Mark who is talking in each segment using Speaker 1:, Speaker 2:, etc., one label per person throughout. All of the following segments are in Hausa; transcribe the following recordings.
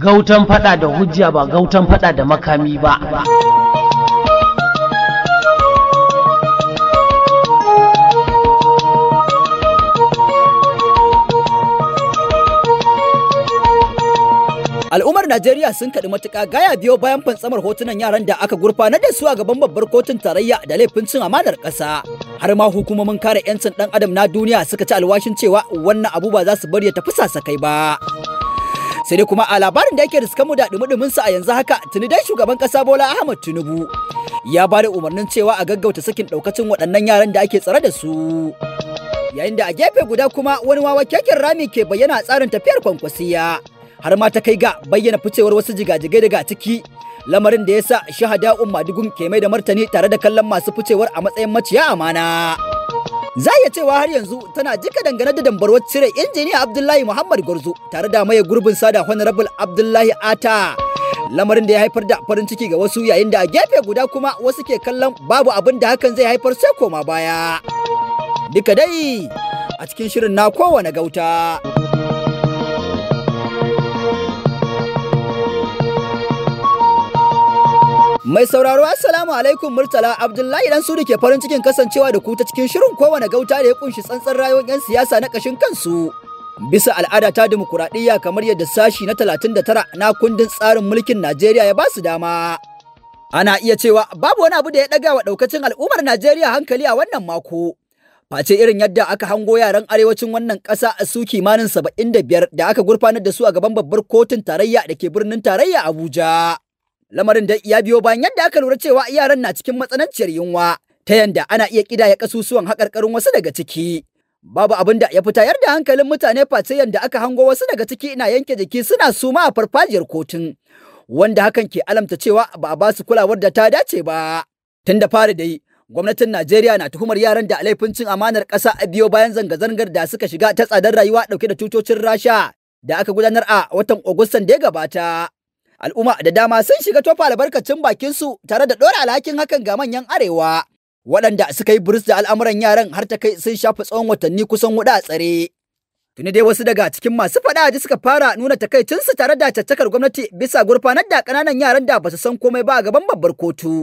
Speaker 1: gautan fada da hujja ba gautan fada da makami ba
Speaker 2: al'ummar najeriya sun kaɗi matuƙa gaya biyo bayan fantsamar hotunan yaran da aka gurfanar da su a gaban babbar kotun tarayya da laifin cin amanar ƙasa har ma hukumomin kare 'yancin ɗan adam na duniya suka ci alwashin cewa wannan abu ba za su bari ya tafi sasakai ba sai dai kuma a labarin da yake riskan mu da dumudumin sa a yanzu haka tuni dai shugaban kasa Bola Ahmad Tinubu ya ba da umarnin cewa a gaggauta sakin daukacin waɗannan yaran da ake tsare da su yayin da a gefe guda kuma wani wawa keken rami ke bayyana tsarin tafiyar kwankwasiya har ma ta kai ga bayyana ficewar wasu jigajigai daga ciki lamarin da ya sa shahada umma dugun ke mai da martani tare da kallon masu ficewar a matsayin maciya amana. Za iya cewa har yanzu tana jika dangane da dambarwar cire injiniya Abdullahi Muhammad Gwarzo tare da maye gurbin sada Honorable Abdullahi Ata. Lamarin da ya haifar da farin ciki ga wasu yayin da a gefe guda kuma wasu ke kallon babu abin da hakan zai haifar sai koma baya. Duka dai a cikin shirin na kowane gauta. Mai sauraro Assalamu alaikum Murtala Abdullahi dan Sudi ke farin cikin kasancewa da ku ta cikin shirin kowane gauta da ya kunshi tsantsan rayuwar 'yan siyasa na kashin kansu. Bisa al'ada ta dimokuraɗiyya kamar yadda sashi na 39 na kundin tsarin mulkin Najeriya ya ba su dama. Ana iya cewa babu wani abu da ya ɗaga wa ɗaukacin al'ummar Najeriya hankali a wannan mako. Face irin yadda aka hango yaran arewacin wannan ƙasa a su kimanin 75 da aka gurfanar da su a gaban babbar kotun tarayya da ke birnin tarayya Abuja. Lamarin da iya biyo bayan yadda aka lura cewa yaran na cikin matsananciyar yunwa, ta yanda ana iya ƙidaya ƙasusuwan haƙarƙarin wasu daga ciki. Babu abin da ya fita tayar da hankalin mutane face yanda aka hango wasu daga ciki ina yanke jiki suna suma a farfajiyar kotun, wanda hakan ke alamta cewa ba a basu kulawar da ta dace ba. Tun da fari dai, gwamnatin Najeriya na tuhumar yaran da laifin cin amanar ƙasa a biyo bayan zanga-zangar da suka shiga ta tsadar rayuwa ɗauke da tutocin Rasha da aka gudanar a watan Agustan da ya gabata. Al'umma da dama sun shiga tofa albarkacin bakin su tare da ɗora alhakin hakan ga manyan arewa. Waɗanda suka yi burus da al'amuran yaran har ta kai sun shafi tsawon watanni kusan huɗu a tsare. Tuni dai wasu daga cikin masu faɗa ji suka fara nuna takaicinsu tare da caccakar gwamnati bisa gurfanar da kananan yaran da ba su san komai ba a gaban babbar kotu.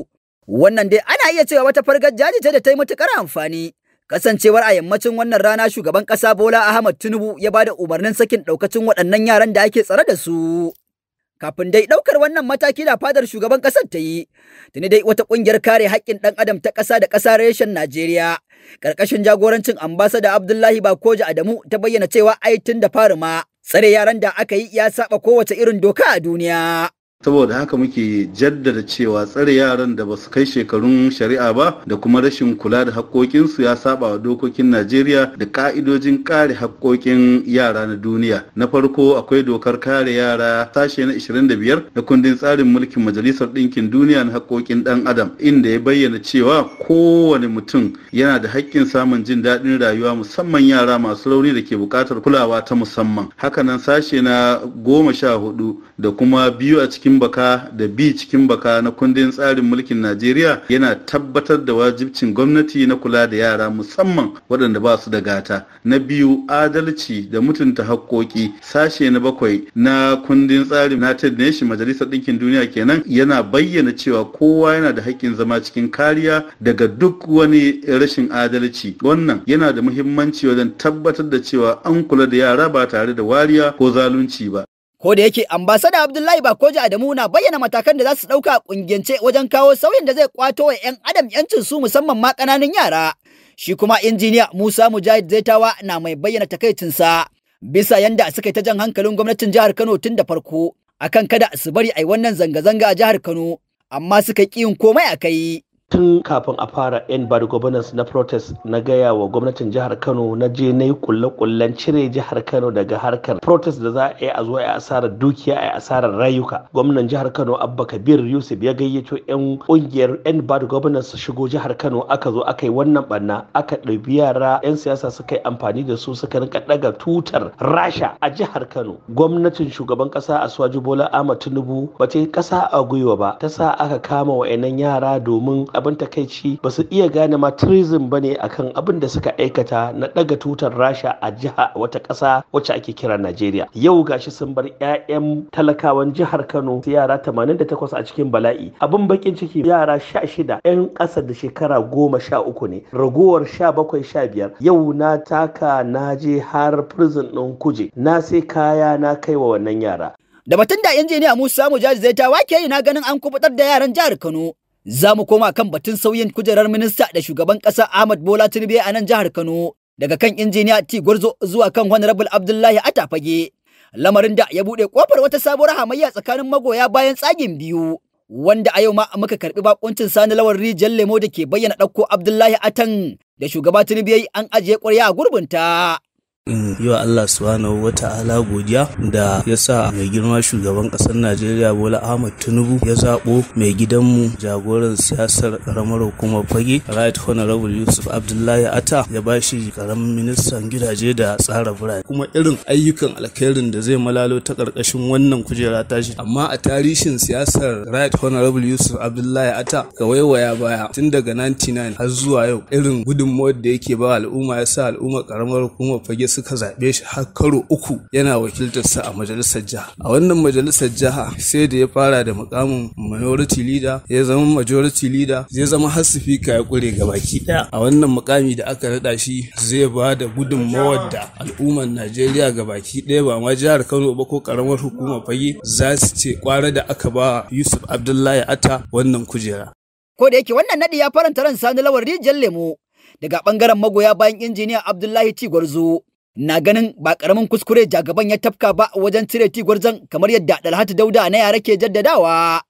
Speaker 2: Wannan dai ana iya cewa wata fargar jaji ce da ta yi matuƙar amfani. Kasancewar a yammacin wannan rana shugaban ƙasa Bola Ahmad Tinubu ya ba da umarnin sakin daukacin waɗannan yaran da ake tsare da su. kafin dai ɗaukar wannan mataki da fadar shugaban ƙasar ta yi. Tuni dai wata ƙungiyar kare haƙƙin ɗan adam ta ƙasa da ƙasa reshen Najeriya. Ƙarƙashin jagorancin ambasada Abdullahi Bakoji Adamu ta bayyana cewa ai tun da fari ma tsare yaran da aka yi ya saba kowace irin doka a duniya.
Speaker 3: saboda haka muke jaddada cewa tsare yaran da ba su kai shekarun shari'a ba da kuma rashin kula da haƙƙoƙinsu ya saba wa dokokin najeriya da ka'idojin kare haƙƙoƙin yara na duniya na farko akwai dokar kare yara sashe na 25 na kundin tsarin mulkin majalisar ɗinkin duniya na haƙƙoƙin ɗan adam inda ya bayyana cewa kowane mutum yana da hakkin samun jin daɗin rayuwa musamman yara masu rauni da ke buƙatar kulawa ta musamman hakanan sashe na goma sha hudu da kuma biyu a cikin cikin baka da bi cikin baka na kundin tsarin mulkin Najeriya yana tabbatar da wajibcin gwamnati na kula da yara musamman waɗanda ba su da gata. Na biyu adalci da mutunta haƙƙoƙi sashe na bakwai na kundin tsarin United Nations Majalisar Ɗinkin Duniya kenan yana bayyana cewa kowa yana da haƙƙin zama cikin kariya daga duk wani rashin adalci. Wannan yana da muhimmanci wajen tabbatar da cewa an kula da yara ba tare da wariya ko zalunci ba.
Speaker 2: Ko da yake ambasada Abdullahi ba Bakoji Adamu na bayyana matakan da za su ɗauka kungiyance ƙungiyance wajen kawo sauyin da zai kwato wa 'yan adam 'yancin su musamman ma ƙananan yara. Shi kuma injiniya Musa Mujahid Zaitawa na mai bayyana takaicinsa bisa yanda suka yi ta jan hankalin gwamnatin jihar Kano tun da farko akan kada su bari a yi wannan zanga-zanga a jihar Kano amma suka ƙi yin komai a kai.
Speaker 4: tun kafin a fara yan bad governance na protest na gaya wa gwamnatin jihar kano na je na yi kulle-kullen cire jihar kano daga harkar protest da za a yi a zuwa a asarar dukiya a asarar rayuka gwamnan jihar kano abba kabir yusuf ya gayyato yan kungiyar yan bad governance shigo jihar kano aka zo aka yi wannan banna aka ɗabi yara yan siyasa suka yi amfani da su suka rinka daga tutar rasha a jihar kano gwamnatin shugaban kasa aswaju bola ahmad tinubu ba ta yi kasa a gwiwa ba ta sa aka kama wa'annan yara domin abin takaici ba su iya gane ma tourism ba ne akan abin da suka aikata na daga tutar rasha a jiha wata ƙasa wacce ake kira najeriya yau gashi sun bar 'ya'yan talakawan jihar kano yara 88 a cikin bala'i abin bakin ciki yara 16 'yan ƙasa da shekara 13 ne ragowar 17 biyar. yau na taka na
Speaker 2: je har prison ɗin kuje na sai kaya na kai wa wannan yara da batun da injiniya Musa Mujaji zai ta wake na ganin an kubutar da yaran jihar Kano Za mu koma kan batun sauyin kujerar minista da shugaban ƙasa Ahmad Bola Tinubu a nan jihar Kano daga kan injiniya T Gwarzo zuwa kan Honorable Abdullahi Atafage. Lamarin da ya buɗe ƙofar wata sabuwar hamayya tsakanin magoya bayan tsagin biyu. Wanda a yau ma muka karɓi bakuncin sani lawan rijiyar lemo da ke bayyana ɗauko Abdullahi Atan da shugaba Tinubu an ajiye ƙwarya a gurbinta.
Speaker 4: in mm. yi wa Allah subhanahu wa ta'ala godiya da ya sa mai girma shugaban kasar Najeriya Bola Ahmad Tinubu ya zabo mai gidanmu jagoran siyasar karamar hukumar fage Right Honorable Yusuf Abdullahi Atta ya ba shi ƙaramin ministan gidaje da tsara birane kuma irin ayyukan alkhairin da zai malalo ta ƙarƙashin wannan kujera tashi amma a tarihin siyasar Right Honorable Yusuf Abdullahi Atta ka waiwaya baya tun daga 99 har zuwa yau irin gudunmawar da yake ba al'umma ya sa al'umma karamar hukumar fage su suka zaɓe shi har karo uku yana wakiltarsa a majalisar jiha a wannan majalisar jiha sai da ya fara da mukamin minority leader ya zama majority leader zai zama har speaker ya kure gabaki daya a wannan mukami da aka naɗa shi zai ba da gudunmawar da al'ummar Najeriya ga gabaki daya ba ma jihar Kano ba ko karamar hukumar fage za su ce kwara da aka ba Yusuf Abdullahi Atta wannan kujera
Speaker 2: ko da yake wannan nadi ya faranta ran sani lawar rijiyar lemo daga bangaren magoya bayan injiniya Abdullahi Tigwarzo na ganin ba ƙaramin kuskure jagaban ya tafka ba wajen cire zan kamar yadda Dalhatu Dauda na yare ke jaddadawa.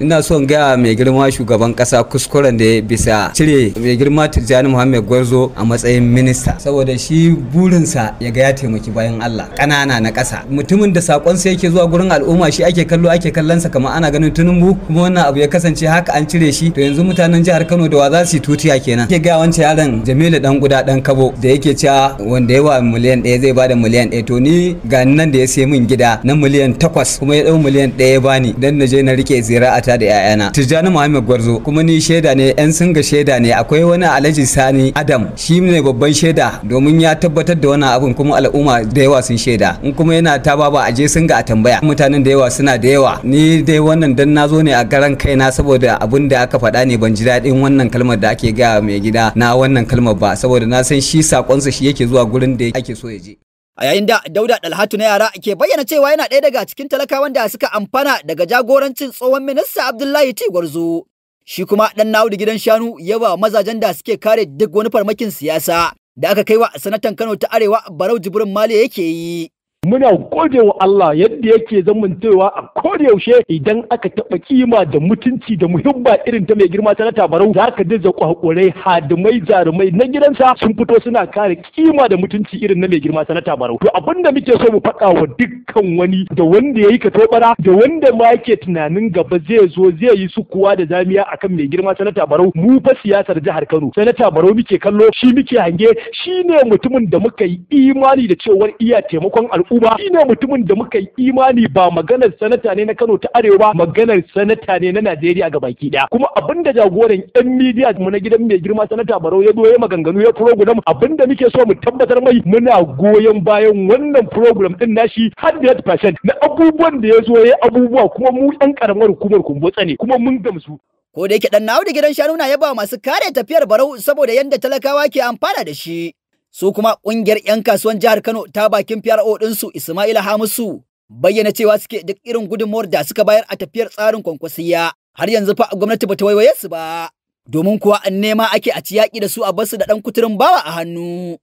Speaker 5: ina son gaya mai girma shugaban kasa kuskuren da ya bisa cire mai girma tijjani muhammed gwarzo a matsayin minista saboda shi burinsa ya ga ya taimaki bayan allah kanana na kasa. mutumin da sakonsa yake zuwa gurin al'umma shi ake kallo ake kallonsa kamar ana ganin mu kuma wannan abu ya kasance haka an cire shi to yanzu mutanen jihar kano da wa za su yi tutiya kenan ke gaya wancan yaron jamilu dan guda dan kabo da yake cewa wanda yawa miliyan ɗaya zai bada miliyan ɗaya to ni ga nan da ya sai min gida na miliyan takwas kuma ya ɗau miliyan ɗaya ya bani dan na je na rike a matata da 'ya'yana tijjani muhammad gwarzo kuma ni shaida ne 'yan singa shaida ne akwai wani alhaji sani adam shi ne babban shaida domin ya tabbatar da wani abun kuma al'umma da yawa sun shaida in kuma yana ta ba a je singa a tambaya mutanen da yawa suna da yawa ni dai wannan dan nazo ne a garan kaina saboda abun da aka faɗa ne ban ji daɗin wannan kalmar da ake gaya mai gida na wannan kalmar ba saboda na san shi sakonsa shi yake zuwa gurin da ake so ya je
Speaker 2: a yayin da dauda dalhatu na yara ke bayyana cewa yana ɗaya daga cikin talakawan da suka amfana daga jagorancin tsohon minista abdullahi tigwarzo gwarzo shi kuma ɗan dan naudu gidan shanu ya ba mazajen da suke kare duk wani farmakin siyasa da aka kai wa sanatan kano ta arewa barau jibrin mali yake yi muna gode wa Allah yadda yake zamantawa
Speaker 4: a yaushe idan aka taɓa kima da mutunci da muhimma irin ta mai girma ta barau, za ka dinga kwakwarai hadimai jarumai na gidansa sun fito suna kare kima da mutunci irin na mai girma ta barau. to abin da muke so mu faɗa wa dukkan wani da wanda yayi katobara da wanda ma yake tunanin gaba zai zo zai yi sukuwa da zamiya akan mai girma ta barau, mu fa siyasar jihar Kano sanata barau muke kallo shi muke hange shine mutumin da muka yi imani da cewar iya taimakon al'umma ba ne mutumin da muka yi imani ba maganar sanata ne na Kano ta Arewa maganar sanata ne na Najeriya ga baki daya kuma abinda jagoran yan midiya mu na gidan mai girma sanata Barau ya zo ya maganganu ya program abinda muke so mu tabbatar mai muna goyon bayan wannan program din nashi 100% na abubuwan da ya zo ya abubuwa
Speaker 2: kuma mu yan karamar hukumar kumbotsa ne kuma mun gamsu Ko da yake dan na da gidan shanu na yaba masu kare tafiyar barau saboda yadda talakawa ke amfana da shi. Su kuma ƙungiyar 'yan kasuwan jihar Kano ta bakin PRO ɗinsu Ismaila Hamisu bayyana cewa suke duk irin gudunmuwar da suka bayar a tafiyar tsarin kwankwasiya har yanzu fa gwamnati bata waiwaye su ba. Domin kuwa an nema ake a ci yaƙi da su a basu da ɗan kuturin bawa a hannu.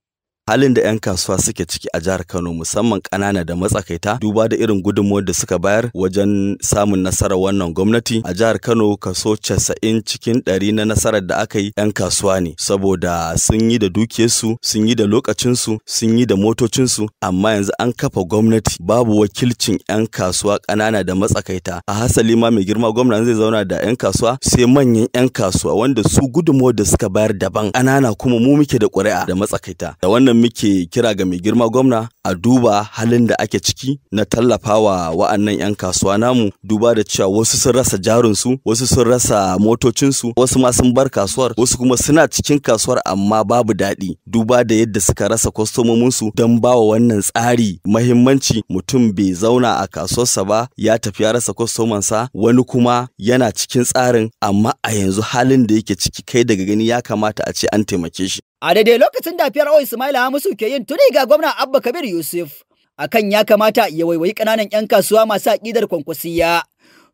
Speaker 4: halin da 'yan kasuwa suke ciki a jihar Kano musamman ƙanana da matsakaita duba da irin gudunmuwar da suka bayar wajen samun nasarar wannan gwamnati a jihar Kano kaso 90 cikin 100 na nasarar da aka yi 'yan kasuwa ne saboda sun yi da dukiyarsu sun yi da lokacinsu sun yi da motocinsu amma yanzu an kafa gwamnati babu wakilcin 'yan kasuwa ƙanana da matsakaita a hasali ma mai girma gwamnati zai zauna da 'yan kasuwa sai manyan 'yan kasuwa wanda su gudunmuwar da suka bayar daban ƙanana kuma mu muke da ƙuri'a da matsakaita da wannan muke kira ga mai girma gwamna a duba halin da ake ciki na tallafawa wa'annan 'yan kasuwa namu duba da cewa wasu sun rasa jarinsu wasu sun rasa motocinsu wasu ma sun bar kasuwar wasu kuma suna cikin kasuwar amma babu daɗi duba da yadda suka rasa kwastomominsu don ba wa wannan tsari mahimmanci mutum bai zauna a kasuwarsa ba ya tafi ya rasa kwastomansa wani kuma yana cikin tsarin amma a yanzu halin da yake ciki kai daga gani ya kamata a ce an taimake shi
Speaker 2: A daidai lokacin da FRO Ismaila Hamisu ke yin tuni ga gwamna Abba Kabir Yusuf akan ya kamata ya waiwayi ƙananan 'yan kasuwa masu aƙidar kwankwasiya.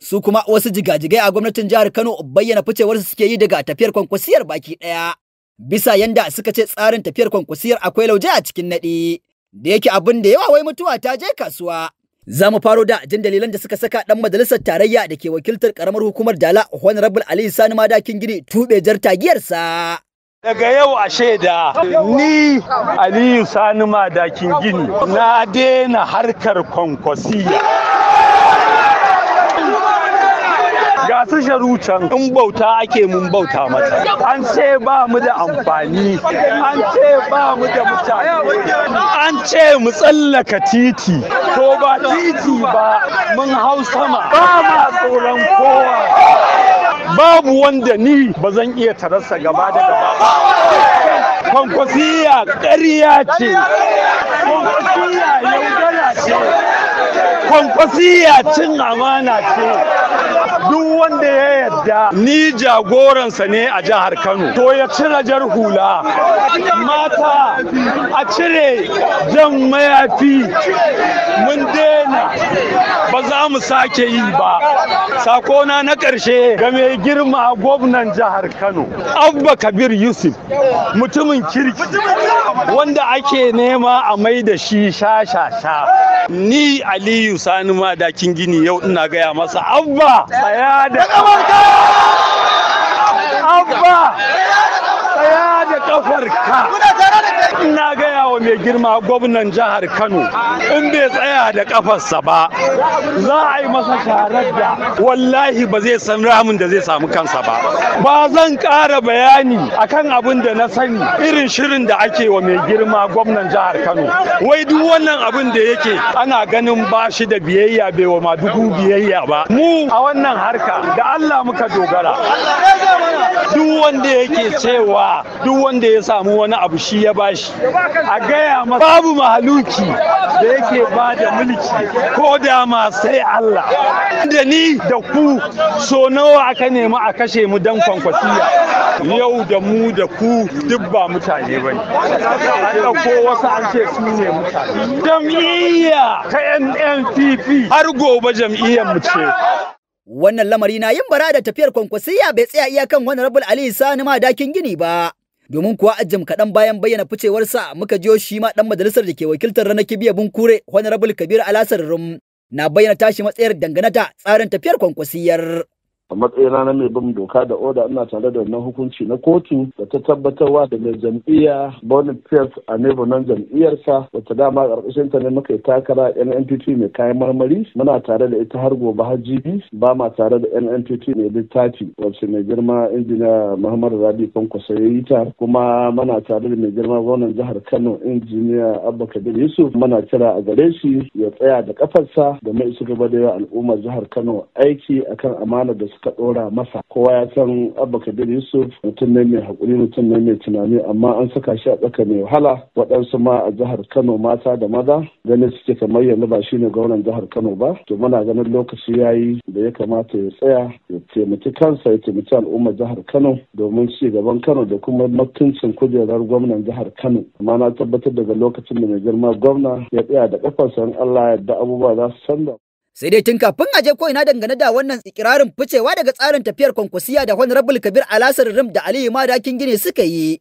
Speaker 2: Su kuma wasu jigajigai a gwamnatin jihar Kano bayyana su suke yi daga tafiyar kwankwasiyar baki ɗaya. Bisa yanda suka ce tsarin tafiyar kwankwasiyar akwai lauje a cikin naɗi. Da yake abin da yawa wai mutuwa ta je kasuwa. Za mu faro da jin dalilan da suka saka ɗan majalisar tarayya da ke wakiltar ƙaramar hukumar Dala Honorable Ali Sani Madakin Gini tuɓe jar tagiyarsa.
Speaker 6: Daga yau a shaida ni Aliyu Sani Madakin Gini na daina harkar kwankwasiya. ga su sharu can in bauta ake mun bauta mata an ce ba mu da amfani an ce ba mu da mutane an ce mu tsallaka titi to ba titi ba mun hau sama ba ma tsoron kowa babu wanda ni ba zan iya tarasa gaba da gaba kwankwasiya ƙarya ce kwankwasiya yaudara ce kwankwasiya cin amana ce duk wanda ya yarda ni jagoransa ne a jihar Kano to ya cire jar hula mata a cire jan mayafi mun dena. ba za mu sake yi ba sakona na ƙarshe ga mai girma gwamnan jihar Kano Abba Kabir Yusuf mutumin kirki wanda ake nema a mai da shi sha-sha-sha ni Aliyu Sani Madakin Gini yau ina gaya masa Abba tsaya da kafarka
Speaker 7: abba
Speaker 6: tsaya da kafarka mai girma gwamnan jihar Kano in bai tsaya da kafarsa ba za a yi masa sharar da wallahi ba zai san ramin da zai samu kansa ba ba zan ƙara bayani akan abin da na sani irin shirin da ake wa mai girma gwamnan jihar Kano wai duk wannan abin da yake ana ganin ba shi da biyayya bai wa madugu biyayya ba mu a wannan harka da Allah muka dogara duk wanda yake cewa duk wanda ya samu wani abu shi ya bashi a gaya masa babu mahaluki da yake ba da mulki ko da ma sai Allah da ni da ku so nawa aka nemi a kashe mu dan kwankwasiya yau da mu da ku duk ba mutane bane an ɗauko wasu an ce su ne
Speaker 2: mutane jam'iyya ta NNPP har gobe jam'iyyar mu ce wannan lamari na yin bara da tafiyar kwankwasiya bai tsaya iyakan honorable Ali Sani ma dakin gini ba domin kuwa ajim kaɗan bayan bayyana ficewarsa muka jiyo shi ma ɗan majalisar da ke wakiltar ranar kibiya wani honorable kabir alasar rum na bayyana tashi matsayar danganata tsarin tafiyar kwankwasiyar
Speaker 7: a matsayina na mai bin doka da oda ina tare da wannan hukunci na kotu da ta tabbatarwa da mai jam'iyya boniface a nan jam'iyyarsa wata dama karkashin ta ne muka yi takara nnpp mai kayan marmari muna tare da ita har gobe har jibi ba ma tare da nnpp mai littafi wacce mai girma injiniya muhammadu rabi kwankwaso ya yi ta kuma muna tare da mai girma gwamnan jihar kano injiniya abba kabir yusuf muna kira a gare shi ya tsaya da kafarsa da mai su gaba da yawa al'ummar jihar kano aiki akan amana da suka ɗora masa kowa ya san abba kabir yusuf mutum ne mai haƙuri mutum ne mai tunani amma an saka shi a tsaka mai wahala waɗansu ma a jihar kano mata da maza ganin suke kamar yanzu ba shine gwamnan jihar kano ba to muna ganin lokaci ya yi da ya kamata ya tsaya ya taimaki kansa ya taimaki al'ummar jihar kano domin ci gaban kano da kuma mutuncin kujerar gwamnan jihar kano amma na tabbatar daga lokacin da mai girma gwamna ya tsaya da kafarsa in allah yadda abubuwa za su canza
Speaker 2: sai dai tun kafin a je ko ina dangane da wannan ikirarin ficewa daga tsarin tafiyar kwankwasiya da honorable kabir alasar rim da aliyu madakin gini suka yi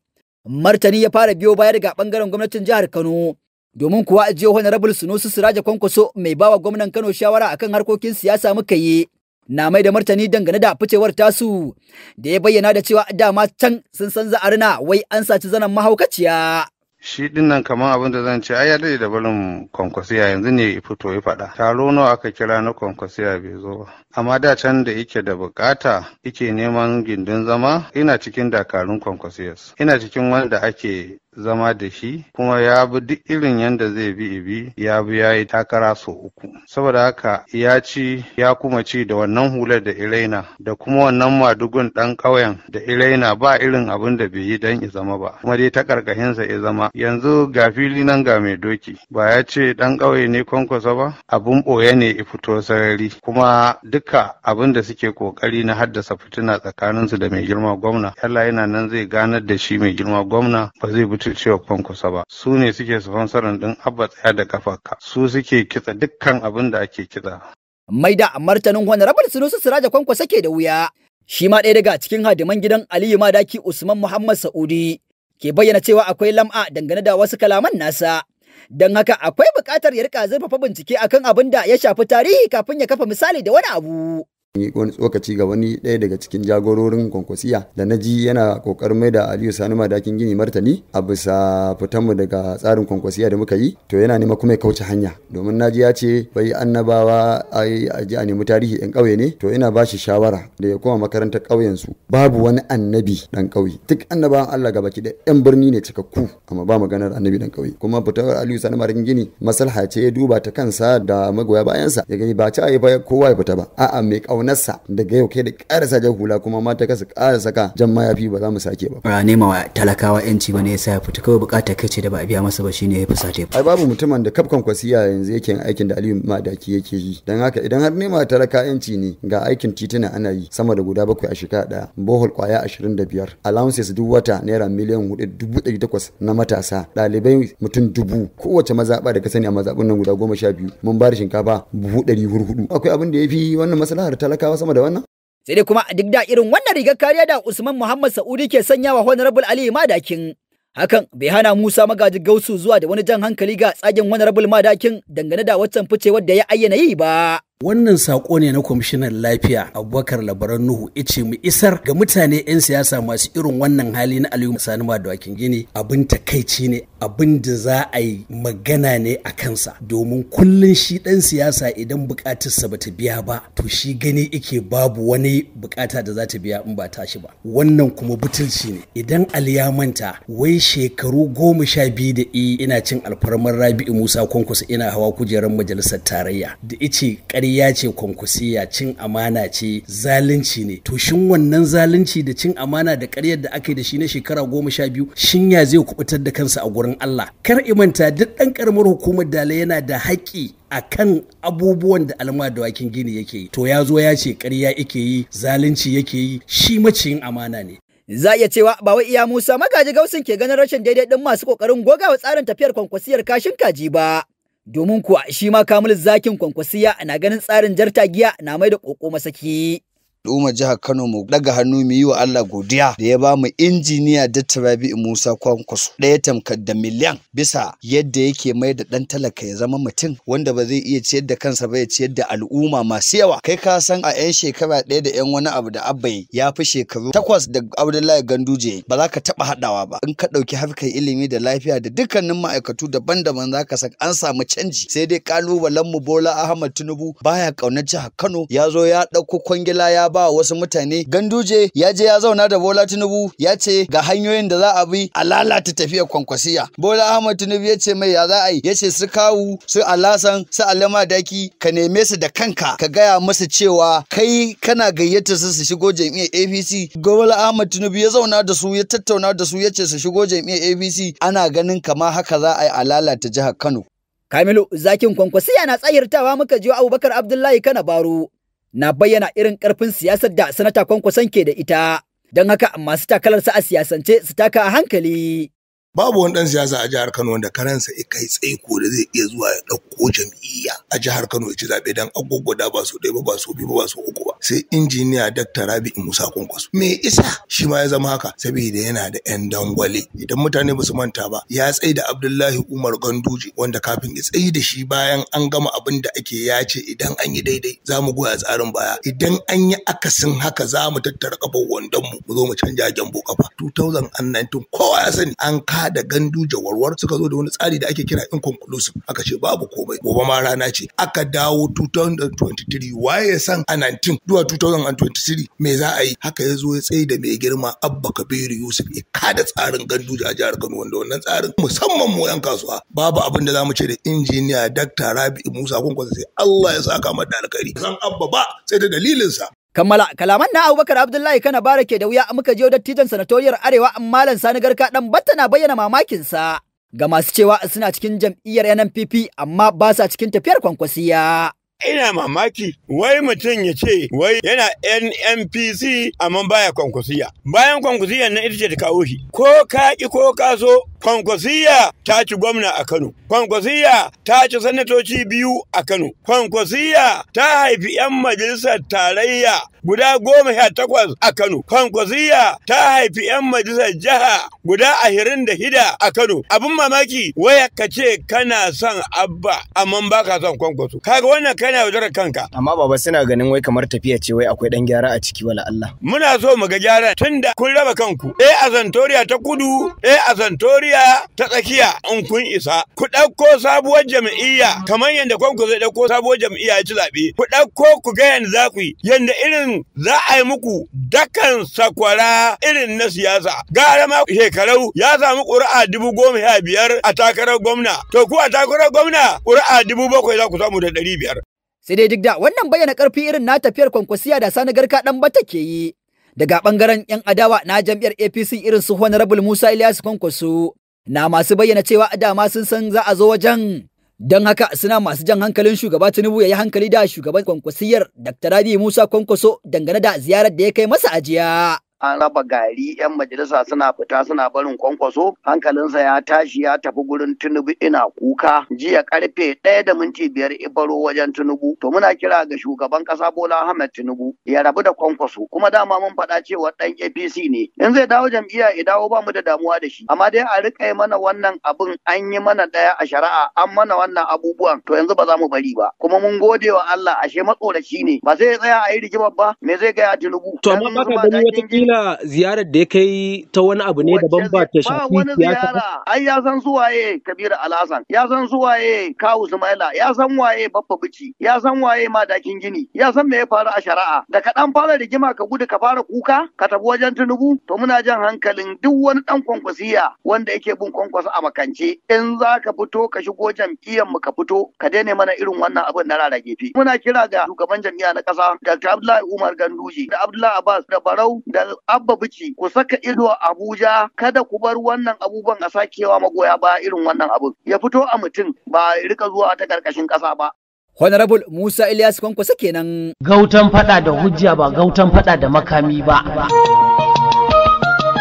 Speaker 2: martani ya fara biyo baya daga bangaren gwamnatin jihar kano domin kuwa a jiya honorable sunusu siraja kwankwaso mai bawa gwamnan kano shawara akan harkokin siyasa muka yi na mai da martani dangane da ficewar tasu da ya bayyana da cewa dama can sun san za'arina wai an saci zanen mahaukaciya
Speaker 8: shi nan kamar abin da zan ce ai ya daɗe da barin kwankwasiya yanzu ne ya fito ya faɗa taro nawa aka kira na kwankwasiya bai zo ba amma da can da yake da bukata yake neman gindin zama ina cikin dakarun kwankwasiyas ina cikin wanda ake zama da shi kuma ya bi duk irin yadda zai bi ibi ya bi ya yi takara sau uku saboda haka ya ci ya kuma ci da wannan hular da iraina da kuma wannan madugun dan kauyen da iraina ba irin abin da bai yi dan ya zama ba kuma dai ta karkashinsa ya zama yanzu ga fili nan ga mai doki ba ya ce dan ƙauye ne kwankwasa ba abun ɓoye ne ya fito sarari kuma duka abin da suke kokari na haddasa fitina tsakaninsu da mai girma gwamna Allah yana nan zai ganar da shi mai girma gwamna ba zai bi cewa kusa ba su ne suke sponsorin din abba tsaya da kafarka su suke kitsa dukkan abin da ake kitsa
Speaker 2: mai da martanin honorable su siraja kwankwasa ke da wuya shi ma ɗaya daga cikin hadiman gidan aliyu madaki usman muhammad sa'udi ke bayyana cewa akwai lam'a dangane da wasu kalaman nasa don haka akwai buƙatar ya rika zurfafa bincike akan abin da ya shafi tarihi kafin ya kafa misali da wani
Speaker 9: abu wani tsokaci ga wani ɗaya daga cikin jagororin kwankwasiya da na ji yana kokarin mai da aliyu sani madakin gini martani a bisa fitanmu daga tsarin kwankwasiya da muka yi to yana nema kuma ya kauce hanya domin naji ya ce bai annabawa ai a ji a nemi tarihi ɗan ƙauye ne to ina bashi shawara da ya koma makarantar ƙauyen su babu wani annabi ɗan ƙauye duk annabawan Allah gaba ki da yan birni ne cikakku amma ba maganar annabi ɗan ƙauye kuma fitawar aliyu sani madakin gini masalha ce ya duba ta kansa da magoya bayansa ya gani ba ta yi kowa ya fita ba a'a mai ƙaunarsa daga yau kai da ƙarasa jan hula kuma mata kasa ƙara saka jan mayafi ba za mu sake ba.
Speaker 2: Ra nema wa talakawa yanci ba ne ya sa ya fita kawai buƙatar kai ce da ba a biya masa ba shine ya fusata.
Speaker 9: Ai babu mutumin da kafkan kwasiya yanzu yake aikin da Aliyu Madaki yake yi. Dan haka idan har nema talaka yanci ne ga aikin titina ana yi sama da guda bakwai a shekara ɗaya. Bohol kwaya ashirin da biyar. Allowances duk wata naira miliyan hudu dubu ɗari takwas na matasa. Ɗalibai mutum dubu. Kowace mazaɓa da ka sani a mazaɓun nan guda goma sha biyu. Mun ba da shinkafa buhu ɗari hurhudu. Akwai abin da ya fi wannan maslahar talaka. talakawa sama da wannan?
Speaker 2: Sai dai kuma duk da irin wannan rigar kariya da Usman Muhammad Sa'udi ke sanya wa Honorable Ali Madakin. Hakan bai hana Musa Magaji Gausu zuwa da wani jan hankali ga tsagen Honorable Madakin dangane da waccan ficewar da ya ayyana yi ba.
Speaker 4: Wannan saƙo ne na kwamishinan lafiya Abubakar Labaran Nuhu ice mu isar ga mutane 'yan siyasa masu irin wannan hali na Aliyu Sani da Gini abin takaici ne abin da za a yi magana ne a kansa domin kullum shi ɗan siyasa idan sa bata biya ba to shi gani ike babu wani bukata da za ta biya in ba tashi ba. Wannan kuma butulci ne idan Ali ya manta wai shekaru goma sha biyu da ina cin alfarmar Rabi'u Musa Kwankwaso ina hawa kujerar majalisar tarayya da ice ƙarya ƙarya ce kwankwasiya cin amana ce zalunci ne to shin wannan zalunci da cin amana da ƙaryar da aka yi da shi na shekara goma sha biyu shin ya zai kubutar da kansa a gurin Allah kar imanta duk ɗan ƙaramar hukumar dala yana da haƙƙi a kan abubuwan da alma da wakin gini yake yi to ya zo
Speaker 2: ya ce ƙarya yake yi zalunci yake yi shi maciyin amana ne za iya cewa ba wai iya Musa magaji gausin ke ganin rashin daidai din masu kokarin gogawa tsarin tafiyar kwankwasiyar kashin kaji ba domin kuwa shi ma kamul zakin kwankwasiya na ganin tsarin jartagiya na mai da ƙoƙo masaki. Al'umma jihar Kano mu daga hannu mu yi wa Allah godiya da ya ba mu injiniya da Tarabi Musa Kwankwaso ɗaya tamkar da miliyan bisa yadda yake mai da ɗan talaka ya zama mutum wanda ba zai iya ciyar da kansa ba ya ciyar da al'umma masu yawa kai ka san a 'yan shekara ɗaya da 'yan wani abu da abbai ya fi shekaru takwas da Abdullahi Ganduje ba za ka taɓa haɗawa ba in ka ɗauki harkar ilimi da lafiya da dukkanin ma'aikatu daban-daban za ka san an samu canji sai dai ƙalubalen mu Bola Ahmad Tinubu baya ƙaunar jihar Kano ya zo ya ɗauko kwangila ya ba wasu mutane ganduje ya je ya zauna da bola tinubu ya ce ga hanyoyin da za a bi a lalata tafiyar kwankwasiya bola ahmad tinubu ya ce mai ya za a yi ya ce su kawu su alasan su alama daki ka neme su da kanka ka gaya musu cewa kai kana gayyata su su shigo jami'ar apc bola ahmad tinubu ya zauna da su ya tattauna da su ya ce su shigo jami'ar apc ana ganin kama haka za a yi a lalata jihar kano Kamilu zakin kwankwasiya na tsayirtawa muka jiwa Abubakar Abdullahi Kana Baro na bayyana irin ƙarfin siyasar da sanata kwankwason ke da ita. Don haka masu takalarsa a siyasance su taka a hankali.
Speaker 10: babu wani dan siyasa a jihar Kano wanda karansa ya kai ko da zai iya zuwa ya ɗauko jam'iyya a jihar Kano ya ci zaɓe dan agogoda ba su ɗaya ba ba su biyu ba ba su uku ba sai injiniya Dr. Rabi Musa Kwankwaso me isa shi ma ya zama haka saboda yana da yan dangwale idan mutane ba su manta ba ya tsai da Abdullahi Umar Ganduje wanda kafin ya tsayi da shi bayan an gama abin da ake ya ce idan an yi daidai za mu goya tsarin baya idan an yi akasin haka za mu tattara kafar wandon mu mu zo mu canja gyambo kafa 2019 kowa ya sani an ka da da gandu jawarwar suka zo da wani tsari da ake kira inconclusive aka ce babu komai gobe ma rana ce aka dawo 2023 waye san a 19 zuwa 2023 me za a yi haka ya zo ya tsaye da mai girma abba kabiru yusuf ya kada tsarin gandu a jihar kano wanda wannan tsarin musamman mu yan kasuwa babu abin da za mu ce da injiniya dakta rabi musa kwankwasa sai allah ya sa saka mata alkhairi san abba ba sai da dalilinsa Kammala
Speaker 2: kalaman na Abubakar Abdullahi kana barake da wuya muka je dattijan sanatoriyar Arewa Malam Sani Garka dan batta na bayyana mamakinsa ga masu cewa suna cikin jam'iyyar NNPP amma ba sa cikin tafiyar kwankwasiya.
Speaker 11: ina mamaki wai mutum ya ce wai yana NNPC amma baya kwankwasiya. Bayan kwankwasiya na ita ce ta kawo shi. Ko ka ki ko ka so kwankwasiya ta ci gwamna a Kano. Kwankwasiya ta ci sanatoci biyu a Kano. Kwankwasiya ta haifi 'yan majalisar tarayya guda goma sha takwas a Kano. Kwankwasiya ta haifi 'yan majalisar jiha guda ashirin da hida a Kano. Abin mamaki waya ka ce kana son abba amma ba son kwankwaso. Kaga wannan kana yaudarar kanka
Speaker 5: amma baba suna ganin wai kamar tafiya ce wai akwai dan gyara a ciki wala Allah muna so mu ga gyara tunda kun raba kanku eh a
Speaker 11: Zantoriya ta kudu eh a Zantoriya ta tsakiya in kun isa ku ɗauko sabuwar jam'iyya kamar yadda kanku zai ɗauko sabuwar jam'iyya ya ci zaɓe ku ɗauko ku ga yanda za ku yi yadda irin za a yi muku dakan sakwara irin na siyasa gara ma shekarau ya samu ƙuri'a dubu goma sha biyar a takarar gwamna to ku a takarar gwamna ƙuri'a dubu bakwai za ku samu da ɗari biyar
Speaker 2: Sai dai duk da wannan bayyana ƙarfi irin na tafiyar kwankwasiya da sani garka ɗan bata ke yi. Daga ɓangaren 'yan adawa na jam'iyyar APC irin su Honorable Musa Ilyasu Kwankwaso na masu bayyana cewa a dama sun san za a zo wajen. Don haka suna masu jan hankalin shugaba Tinubu ya yi hankali da shugaban kwankwasiyar Dr. Rabi Musa Kwankwaso dangane da ziyarar da ya kai masa ajiya.
Speaker 1: an raba gari 'yan majalisa suna fita suna barin kwankwaso hankalinsa ya tashi ya tafi gurin tunubu ina kuka jiya karfe ɗaya da minti biyar ibaro wajen tunubu to muna kira ga shugaban kasa bola ahmed tunubu. ya rabu da kwankwaso kuma dama mun faɗa cewa ɗan apc ne in zai dawo jam'iyya ya dawo ba mu da damuwa da shi amma dai a riƙa mana wannan abin an yi mana ɗaya a shari'a an mana wannan abubuwan to yanzu ba za mu bari ba kuma mun gode wa Allah ashe matsoraci ne ba zai tsaya a yi rigimar ba me zai gaya tinubu to amma gani
Speaker 5: wata kila ziyarar da ya kai ta wani
Speaker 4: abu ne daban ba ta shafi ba wani ziyara
Speaker 1: ai ya san suwaye kabiru alhassan ya san suwaye kawu sumaila ya san waye babba bici ya san waye madakin gini ya san me ya faru a shari'a da ka dan fara rigima ka gudu ka fara kuka ka tafi wajen tunubu to muna jan hankalin duk wani dan kwankwasiya wanda yake bin kwankwasa a makance in za ka fito ka shigo jam'iyyar mu ka fito ka daina mana irin wannan abin na rara gefe muna kira ga shugaban jam'iyya na kasa Dr. Abdullahi Umar Ganduji, da Abdullahi Abbas da Barau da abba biki ku saka ido a Abuja kada ku bar wannan abubuwan a sakewa magoya ba irin wannan abin ya fito a mutum ba rika zuwa ta karkashin kasa ba. Honorable Musa Ilyas Kwankwasa kenan. Gautan faɗa da hujja ba gautan faɗa da makami ba.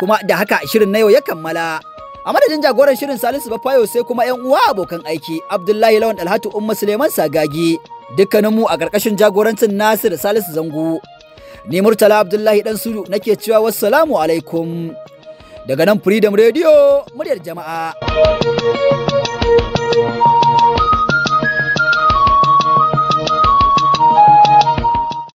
Speaker 1: Kuma
Speaker 2: da haka shirin na yau ya kammala. A madadin jagoran shirin Salisu Bafayo sai kuma 'yan uwa abokan aiki Abdullahi Lawan Alhatu Umma Suleiman Sagagi. Dukkaninmu a ƙarƙashin jagorancin Nasir Salisu Zango. Ni Murtala Abdullahi ɗan Sudu nake cewa wassalamu alaikum. Daga nan Freedom Radio muryar jama'a.